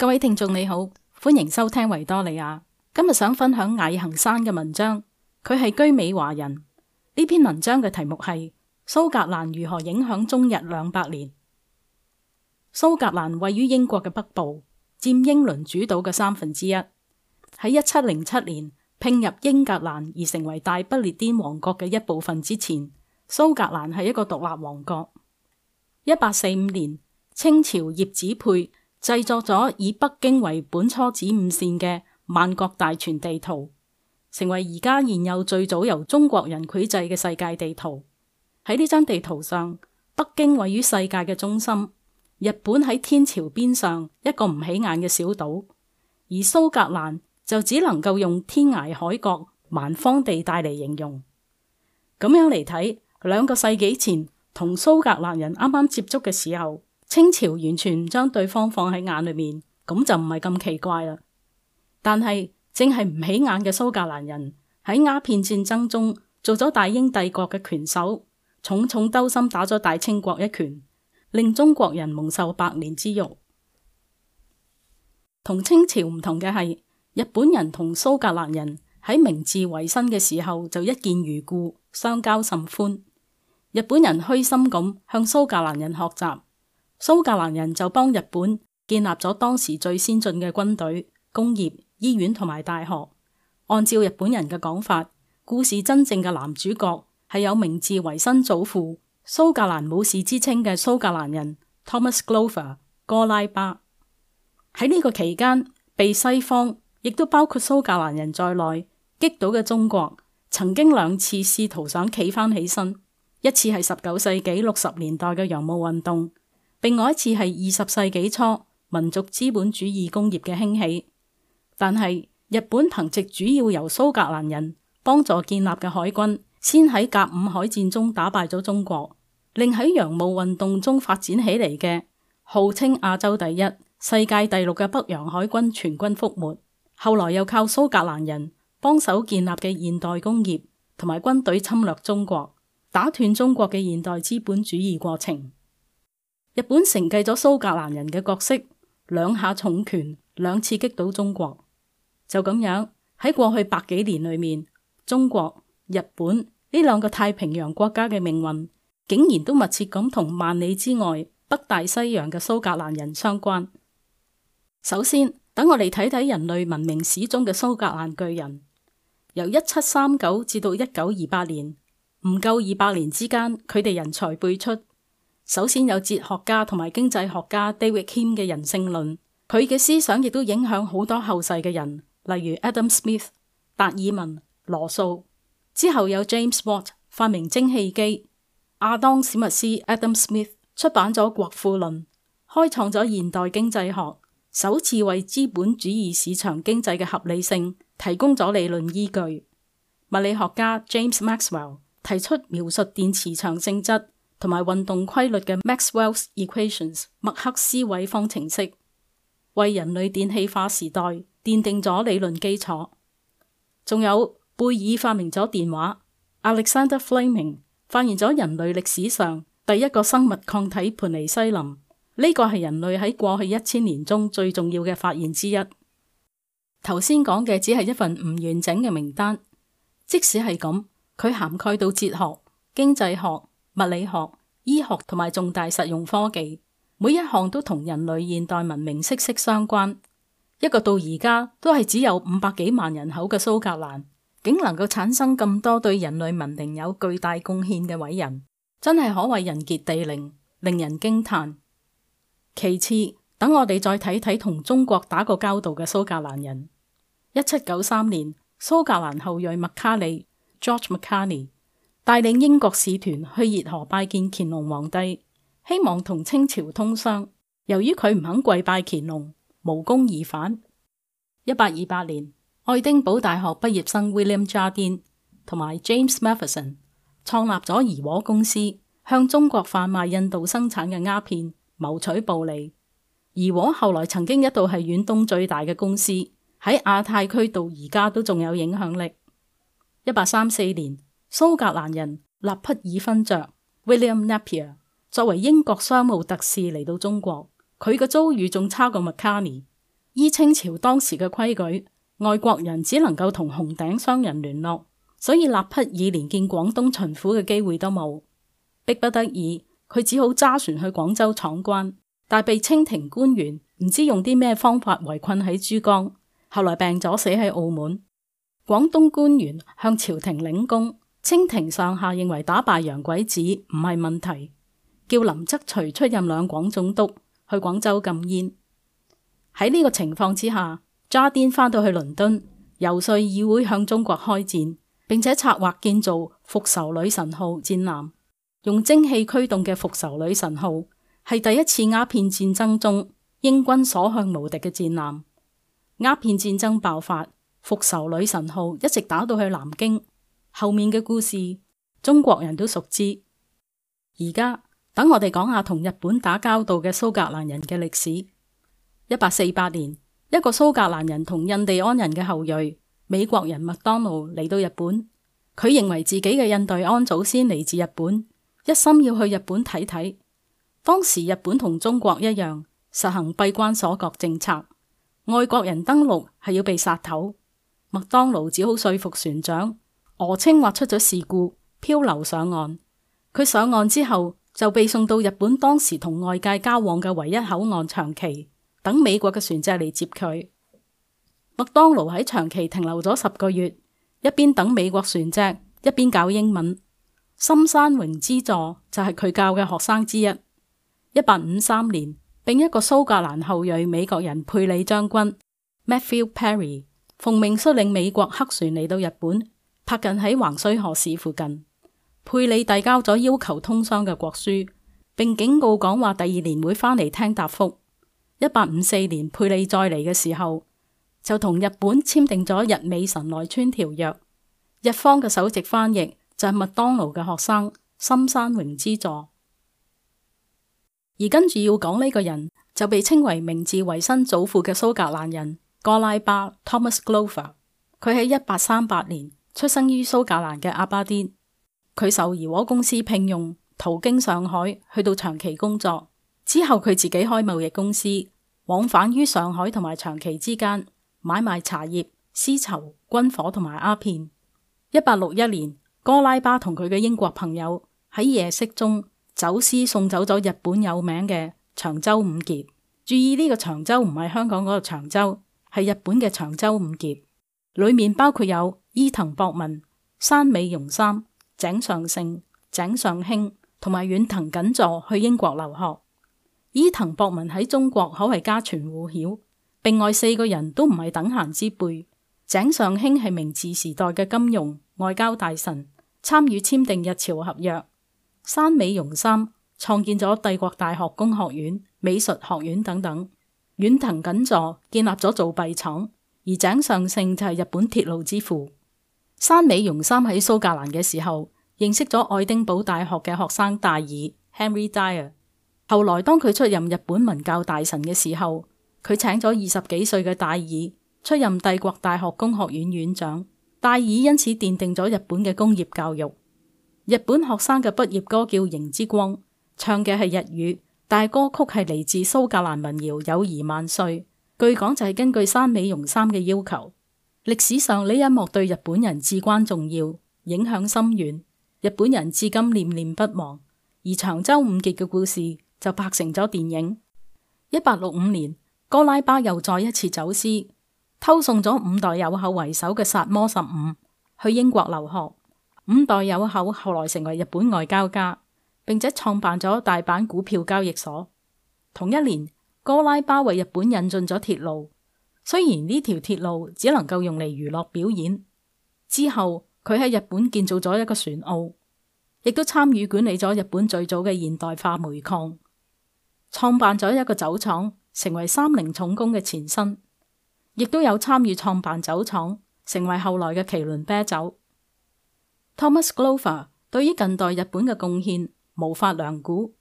各位聽眾你好，歡迎收聽維多利亞。今日想分享艾行山嘅文章，佢係居美華人。呢篇文章嘅題目係蘇格蘭如何影響中日兩百年。蘇格蘭位於英國嘅北部，佔英倫主島嘅三分之一。喺一七零七年併入英格蘭而成為大不列顛王國嘅一部分之前，蘇格蘭係一個獨立王國。一八四五年，清朝葉子佩。製作咗以北京為本初子午線嘅萬國大全地圖，成為而家現有最早由中國人繪製嘅世界地圖。喺呢張地圖上，北京位於世界嘅中心，日本喺天朝邊上一個唔起眼嘅小島，而蘇格蘭就只能夠用天涯海角、蠻荒地帶嚟形容。咁樣嚟睇，兩個世紀前同蘇格蘭人啱啱接觸嘅時候。清朝完全唔將對方放喺眼裏面，咁就唔係咁奇怪啦。但係正係唔起眼嘅蘇格蘭人喺鴉片戰爭中做咗大英帝國嘅拳手，重重兜心打咗大清國一拳，令中國人蒙受百年之辱。同清朝唔同嘅係，日本人同蘇格蘭人喺明治維新嘅時候就一見如故，相交甚歡。日本人虛心咁向蘇格蘭人學習。蘇格蘭人就幫日本建立咗當時最先進嘅軍隊、工業、醫院同埋大學。按照日本人嘅講法，故事真正嘅男主角係有明治維新祖父蘇格蘭武士之稱嘅蘇格蘭人 Thomas Glover 哥拉巴。喺呢個期間，被西方，亦都包括蘇格蘭人在內，擊倒嘅中國，曾經兩次試圖想企翻起身，一次係十九世紀六十年代嘅洋務運動。另外一次係二十世紀初民族資本主義工業嘅興起，但係日本憑藉主要由蘇格蘭人幫助建立嘅海軍，先喺甲午海戰中打敗咗中國，另喺洋務運動中發展起嚟嘅號稱亞洲第一、世界第六嘅北洋海軍全軍覆沒。後來又靠蘇格蘭人幫手建立嘅現代工業同埋軍隊侵略中國，打斷中國嘅現代資本主義過程。日本承繼咗蘇格蘭人嘅角色，兩下重拳，兩次擊倒中國。就咁樣喺過去百幾年裏面，中國、日本呢兩個太平洋國家嘅命運，竟然都密切咁同萬里之外北大西洋嘅蘇格蘭人相關。首先，等我哋睇睇人類文明史中嘅蘇格蘭巨人，由一七三九至到一九二八年，唔夠二百年之間，佢哋人才輩出。首先有哲學家同埋經濟學家 David Hume 嘅人性論，佢嘅思想亦都影響好多後世嘅人，例如 Adam Smith、達爾文、羅素。之後有 James Watt 發明蒸汽機，阿當史密斯 Adam Smith 出版咗《國富論》，開創咗現代經濟學，首次為資本主義市場經濟嘅合理性提供咗理論依據。物理學家 James Maxwell 提出描述電磁場性質。同埋運動規律嘅 Maxwell’s equations 麥克斯韋方程式，為人類電氣化時代奠定咗理論基礎。仲有貝爾發明咗電話，Alexander Fleming 發現咗人類歷史上第一個生物抗體盤尼西林。呢個係人類喺過去一千年中最重要嘅發現之一。頭先講嘅只係一份唔完整嘅名單，即使係咁，佢涵蓋到哲學、經濟學、物理學。醫學同埋重大實用科技，每一項都同人類現代文明息息相關。一個到而家都係只有五百幾萬人口嘅蘇格蘭，竟能夠產生咁多對人類文明有巨大貢獻嘅偉人，真係可謂人傑地靈，令人驚嘆。其次，等我哋再睇睇同中國打過交道嘅蘇格蘭人。一七九三年，蘇格蘭後裔麥卡尼 （George McCartney 帶領英國使團去熱河拜見乾隆皇帝，希望同清朝通商。由於佢唔肯跪拜乾隆，無功而返。一八二八年，愛丁堡大學畢業生 William Jardine 同埋 James Matheson 創立咗怡和公司，向中國販賣印度生產嘅鴉片，謀取暴利。怡和後來曾經一度係遠東最大嘅公司，喺亞太區到而家都仲有影響力。一八三四年。蘇格蘭人納匹爾勳爵 William Napier 作為英國商務特使嚟到中國，佢嘅遭遇仲差過麥卡尼。依清朝當時嘅規矩，外國人只能夠同紅頂商人聯絡，所以納匹爾連見廣東巡撫嘅機會都冇。迫不得已，佢只好揸船去廣州闖關，但被清廷官員唔知用啲咩方法圍困喺珠江。後來病咗死喺澳門。廣東官員向朝廷領功。清廷上下認為打敗洋鬼子唔係問題，叫林則徐出任兩廣總督去廣州禁煙。喺呢個情況之下，渣甸翻到去倫敦游說議會向中國開戰，並且策劃建造復仇女神號戰艦。用蒸汽驅動嘅復仇女神號係第一次鴉片戰爭中英軍所向無敵嘅戰艦。鴉片戰爭爆發，復仇女神號一直打到去南京。後面嘅故事，中國人都熟知。而家等我哋講下同日本打交道嘅蘇格蘭人嘅歷史。一八四八年，一個蘇格蘭人同印第安人嘅後裔美國人麥當勞嚟到日本，佢認為自己嘅印第安祖先嚟自日本，一心要去日本睇睇。當時日本同中國一樣實行閉關鎖國政策，外國人登陸係要被殺頭。麥當勞只好說服船長。何清劃出咗事故，漂流上岸。佢上岸之後就被送到日本當時同外界交往嘅唯一口岸長崎，等美國嘅船隻嚟接佢。麥當勞喺長崎停留咗十個月，一邊等美國船隻，一邊教英文。深山榮之助就係佢教嘅學生之一。一八五三年，另一個蘇格蘭後裔美國人佩里將軍 Matthew Perry 奉命率領美國黑船嚟到日本。拍近喺橫須賀市附近，佩里遞交咗要求通商嘅國書，並警告講話第二年會返嚟聽答覆。一八五四年佩里再嚟嘅時候，就同日本簽訂咗《日美神奈川條約》。日方嘅首席翻譯就係麥當勞嘅學生深山榮之助。而跟住要講呢個人，就被稱為明治維新祖父嘅蘇格蘭人哥拉巴 Thomas Glover。佢喺一八三八年。出生於蘇格蘭嘅阿巴甸，佢受怡和公司聘用，途經上海去到長崎工作之後，佢自己開貿易公司，往返於上海同埋長崎之間，買賣茶葉、絲綢、軍火同埋鴉片。一八六一年，哥拉巴同佢嘅英國朋友喺夜色中走私送走咗日本有名嘅長州五傑。注意呢個長洲唔係香港嗰個長洲，係日本嘅長州五傑，裏面包括有。伊藤博文、山尾容三、井上勝、井上興同埋遠藤謹助去英國留學。伊藤博文喺中國可謂家傳戶曉，另外四個人都唔係等閒之輩。井上興係明治時代嘅金融外交大臣，參與簽訂日朝合約。山尾容三創建咗帝國大學工學院、美術學院等等。遠藤謹助建立咗造幣廠，而井上勝就係日本鐵路之父。山美容三喺蘇格蘭嘅時候，認識咗愛丁堡大學嘅學生戴爾 Henry Dyer。後來當佢出任日本文教大臣嘅時候，佢請咗二十幾歲嘅戴爾出任帝國大學工學院院長。戴爾因此奠定咗日本嘅工業教育。日本學生嘅畢業歌叫《螢之光》，唱嘅係日語，但係歌曲係嚟自蘇格蘭民謠《友誼萬歲》，據講就係根據山美容三嘅要求。歷史上呢一幕對日本人至關重要，影響深遠，日本人至今念念不忘。而長州五傑嘅故事就拍成咗電影。一八六五年，哥拉巴又再一次走私，偷送咗五代友厚為首嘅薩摩十五去英國留學。五代友厚後來成為日本外交家，並且創辦咗大阪股票交易所。同一年，哥拉巴為日本引進咗鐵路。雖然呢條鐵路只能夠用嚟娛樂表演，之後佢喺日本建造咗一個船澳，亦都參與管理咗日本最早嘅現代化煤礦，創辦咗一個酒廠，成為三菱重工嘅前身，亦都有參與創辦酒廠，成為後來嘅麒麟啤酒。Thomas Glover 對於近代日本嘅貢獻無法量估，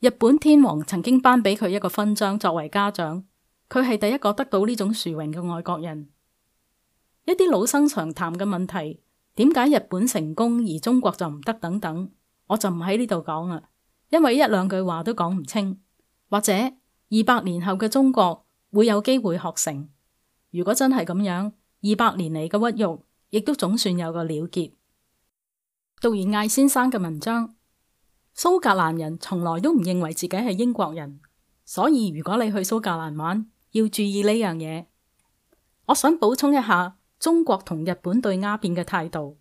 日本天皇曾經頒俾佢一個勳章作為嘉奬。佢係第一個得到呢種殊榮嘅外國人。一啲老生常談嘅問題，點解日本成功而中國就唔得等等，我就唔喺呢度講啦，因為一兩句話都講唔清。或者，二百年後嘅中國會有機會學成。如果真係咁樣，二百年嚟嘅屈辱，亦都總算有個了結。讀完艾先生嘅文章，蘇格蘭人從來都唔認為自己係英國人，所以如果你去蘇格蘭玩，要注意呢樣嘢。我想補充一下，中國同日本對鴉片嘅態度。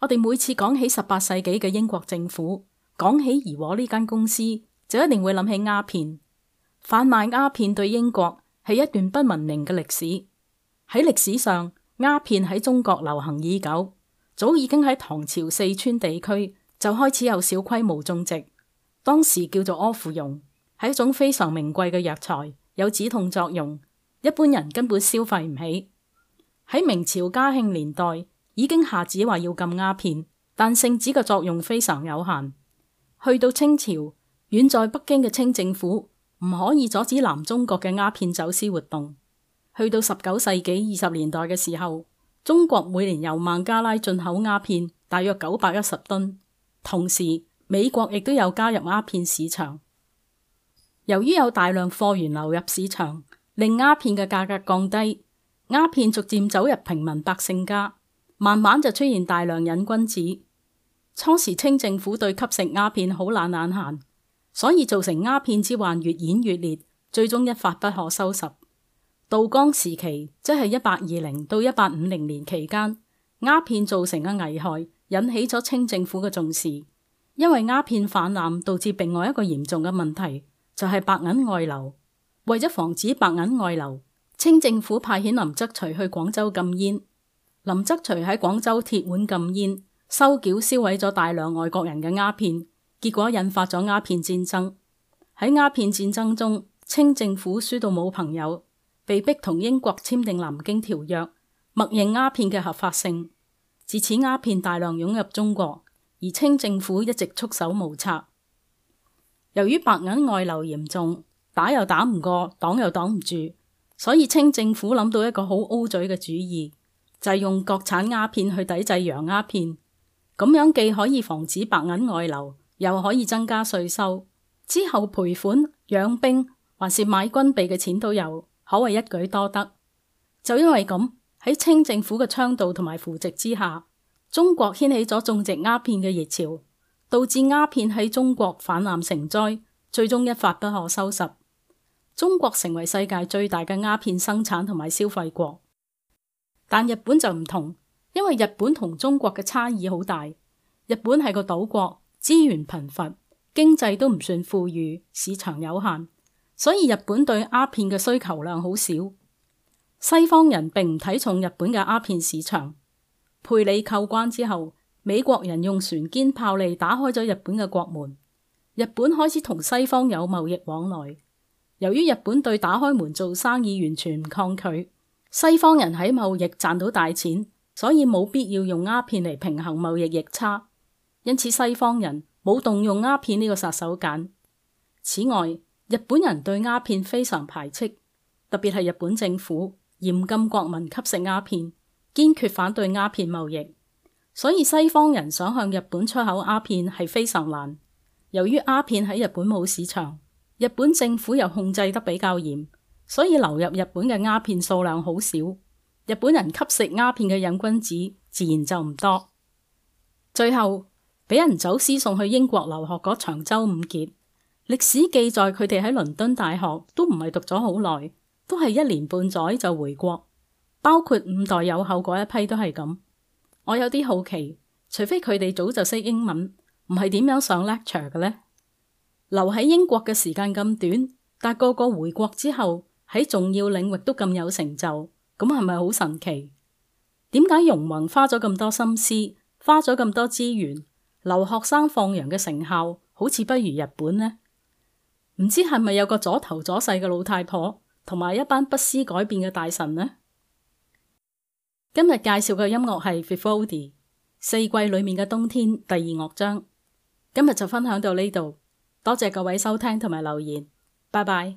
我哋每次講起十八世紀嘅英國政府，講起怡和呢間公司，就一定會諗起鴉片販賣。鴉片對英國係一段不文明嘅歷史。喺歷史上，鴉片喺中國流行已久，早已經喺唐朝四川地區就開始有小規模種植，當時叫做阿芙蓉，係一種非常名貴嘅藥材。有止痛作用，一般人根本消費唔起。喺明朝嘉慶年代已經下旨話要禁鴉片，但聖旨嘅作用非常有限。去到清朝，遠在北京嘅清政府唔可以阻止南中國嘅鴉片走私活動。去到十九世紀二十年代嘅時候，中國每年由孟加拉進口鴉片大約九百一十噸，同時美國亦都有加入鴉片市場。由於有大量貨源流入市場，令鴉片嘅價格降低，鴉片逐漸走入平民百姓家，慢慢就出現大量癮君子。初時清政府對吸食鴉片好懶懶閒，所以造成鴉片之患越演越烈，最終一發不可收拾。道光時期，即係一八二零到一八五零年期間，鴉片造成嘅危害引起咗清政府嘅重視，因為鴉片泛濫導致另外一個嚴重嘅問題。就係白銀外流，為咗防止白銀外流，清政府派遣林則徐去廣州禁煙。林則徐喺廣州鐵腕禁煙，收繳銷毀咗大量外國人嘅鴉片，結果引發咗鴉片戰爭。喺鴉片戰爭中，清政府輸到冇朋友，被逼同英國簽訂《南京條約》，默認鴉片嘅合法性。自此，鴉片大量湧入中國，而清政府一直束手無策。由於白銀外流嚴重，打又打唔過，擋又擋唔住，所以清政府諗到一個好 O 嘴嘅主意，就係用國產鴉片去抵制洋鴉片，咁樣既可以防止白銀外流，又可以增加稅收，之後賠款、養兵還是買軍備嘅錢都有，可謂一舉多得。就因為咁，喺清政府嘅倡導同埋扶植之下，中國掀起咗種植鴉片嘅熱潮。導致鴉片喺中國泛濫成災，最終一發不可收拾。中國成為世界最大嘅鴉片生產同埋消費國，但日本就唔同，因為日本同中國嘅差異好大。日本係個島國，資源貧乏，經濟都唔算富裕，市場有限，所以日本對鴉片嘅需求量好少。西方人並唔睇重日本嘅鴉片市場。佩里叩關之後。美國人用船堅炮利打開咗日本嘅國門，日本開始同西方有貿易往來。由於日本對打開門做生意完全唔抗拒，西方人喺貿易賺到大錢，所以冇必要用鴉片嚟平衡貿易逆差。因此西方人冇動用鴉片呢個殺手鐧。此外，日本人對鴉片非常排斥，特別係日本政府嚴禁國民吸食鴉片，堅決反對鴉片貿易。所以西方人想向日本出口鴉片係非常難，由於鴉片喺日本冇市場，日本政府又控制得比較嚴，所以流入日本嘅鴉片數量好少，日本人吸食鴉片嘅癮君子自然就唔多。最後俾人走私送去英國留學嗰長州五傑，歷史記載佢哋喺倫敦大學都唔係讀咗好耐，都係一年半載就回國，包括五代友厚嗰一批都係咁。我有啲好奇，除非佢哋早就識英文，唔係點樣上 lecture 嘅呢？留喺英國嘅時間咁短，但係個個回國之後喺重要領域都咁有成就，咁係咪好神奇？點解容閎花咗咁多心思，花咗咁多資源，留學生放羊嘅成效好似不如日本呢？唔知係咪有個左頭左勢嘅老太婆，同埋一班不思改變嘅大臣呢？今日介紹嘅音樂係 Vivaldi 四季裏面嘅冬天第二樂章。今日就分享到呢度，多謝各位收聽同埋留言，拜拜。